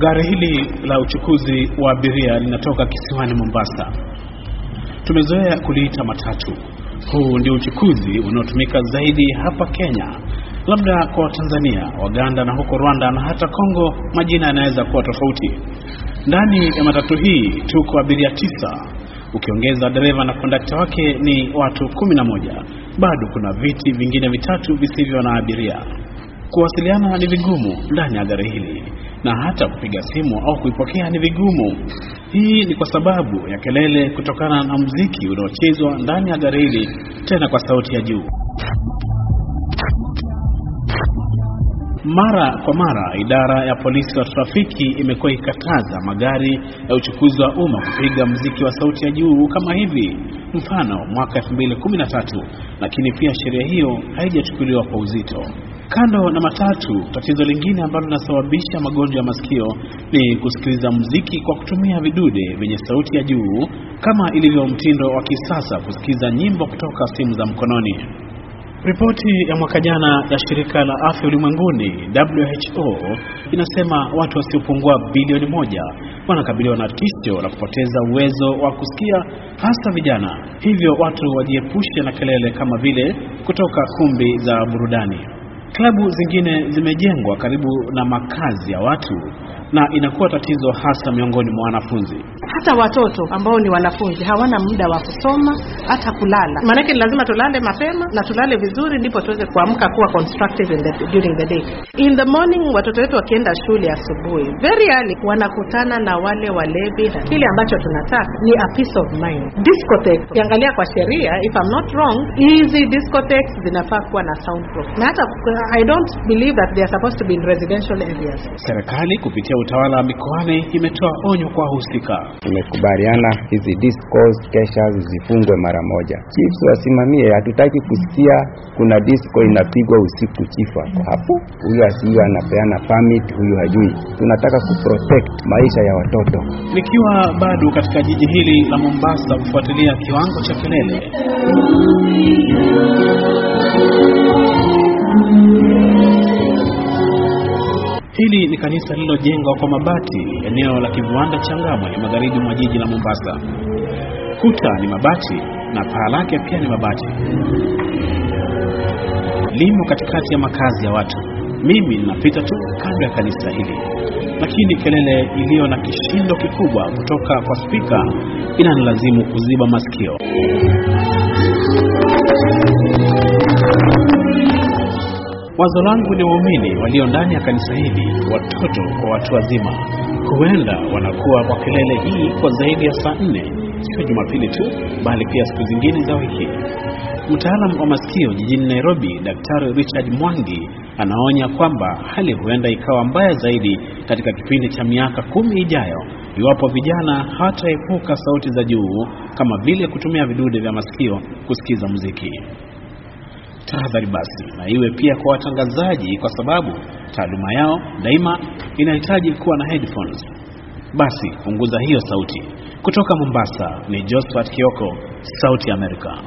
Gari hili la uchukuzi wa abiria linatoka kisiwani Mombasa. Tumezoea kuliita matatu. Huu ndio uchukuzi unaotumika zaidi hapa Kenya. Labda kwa Tanzania, Waganda na huko Rwanda na hata Kongo majina yanaweza kuwa tofauti. Ndani ya matatu hii tuko abiria tisa Ukiongeza dereva na kondakta wake ni watu kumi na moja. Bado kuna viti vingine vitatu visivyo na abiria. Kuwasiliana ni vigumu ndani ya gari hili na hata kupiga simu au kuipokea ni vigumu. Hii ni kwa sababu ya kelele kutokana na muziki unaochezwa ndani ya gari hili, tena kwa sauti ya juu. Mara kwa mara idara ya polisi wa trafiki imekuwa ikikataza magari ya uchukuzi wa umma kupiga mziki wa sauti ya juu kama hivi, mfano mwaka 2013, lakini pia sheria hiyo haijachukuliwa kwa uzito. Kando na matatu, tatizo lingine ambalo linasababisha magonjwa ya masikio ni kusikiliza mziki kwa kutumia vidude vyenye sauti ya juu, kama ilivyo mtindo wa kisasa kusikiza nyimbo kutoka simu za mkononi. Ripoti ya mwaka jana ya shirika la afya ulimwenguni WHO inasema watu wasiopungua bilioni moja wanakabiliwa na tisho la kupoteza uwezo wa kusikia, hasa vijana. Hivyo watu wajiepushe na kelele kama vile kutoka kumbi za burudani. Klabu zingine zimejengwa karibu na makazi ya watu na inakuwa tatizo hasa miongoni mwa wanafunzi. Hata watoto ambao ni wanafunzi hawana muda wa kusoma hata kulala, maanake ni lazima tulale mapema na tulale vizuri, ndipo tuweze kuamka kuwa constructive in the, during the day. In the morning, watoto wetu wakienda shule asubuhi very early, wanakutana na wale walevi. Kile ambacho tunataka ni a peace of mind. Discotheque ukiangalia kwa sheria, if I'm not wrong, hizi discotheques zinafaa kuwa na soundproof na hata I don't believe that they are supposed to be in residential areas. Serikali kupitia utawala wa mikoani imetoa onyo kwa wahusika. Tumekubaliana hizi discos kesha zifungwe mara moja. chifu wasimamie, hatutaki kusikia kuna disco inapigwa usiku. chifu ako hapo, huyu asiyo anapeana permit, huyu hajui. Tunataka kuprotect maisha ya watoto. Nikiwa bado katika jiji hili la Mombasa kufuatilia kiwango cha kelele Hili ni kanisa lililojengwa kwa mabati eneo la kiviwanda cha Ngamwe, magharibi mwa jiji la Mombasa. Kuta ni mabati na paa lake pia ni mabati. Limo katikati ya makazi ya watu. Mimi ninapita tu kando ya kanisa hili, lakini kelele iliyo na kishindo kikubwa kutoka kwa spika inanilazimu kuziba masikio. Wazo langu ni waumini walio ndani ya kanisa hili, watoto kwa watu wazima, huenda wanakuwa kwa kelele hii kwa zaidi ya saa nne, sio Jumapili tu, bali pia siku zingine za wiki. Mtaalamu wa masikio jijini Nairobi, Daktari Richard Mwangi anaonya kwamba hali huenda ikawa mbaya zaidi katika kipindi cha miaka kumi ijayo iwapo vijana hataepuka sauti za juu kama vile kutumia vidude vya masikio kusikiza muziki. Tahadhari basi na iwe pia kwa watangazaji, kwa sababu taaluma yao daima inahitaji kuwa na headphones. Basi punguza hiyo sauti. Kutoka Mombasa ni Josephat Kioko, Sauti ya Amerika.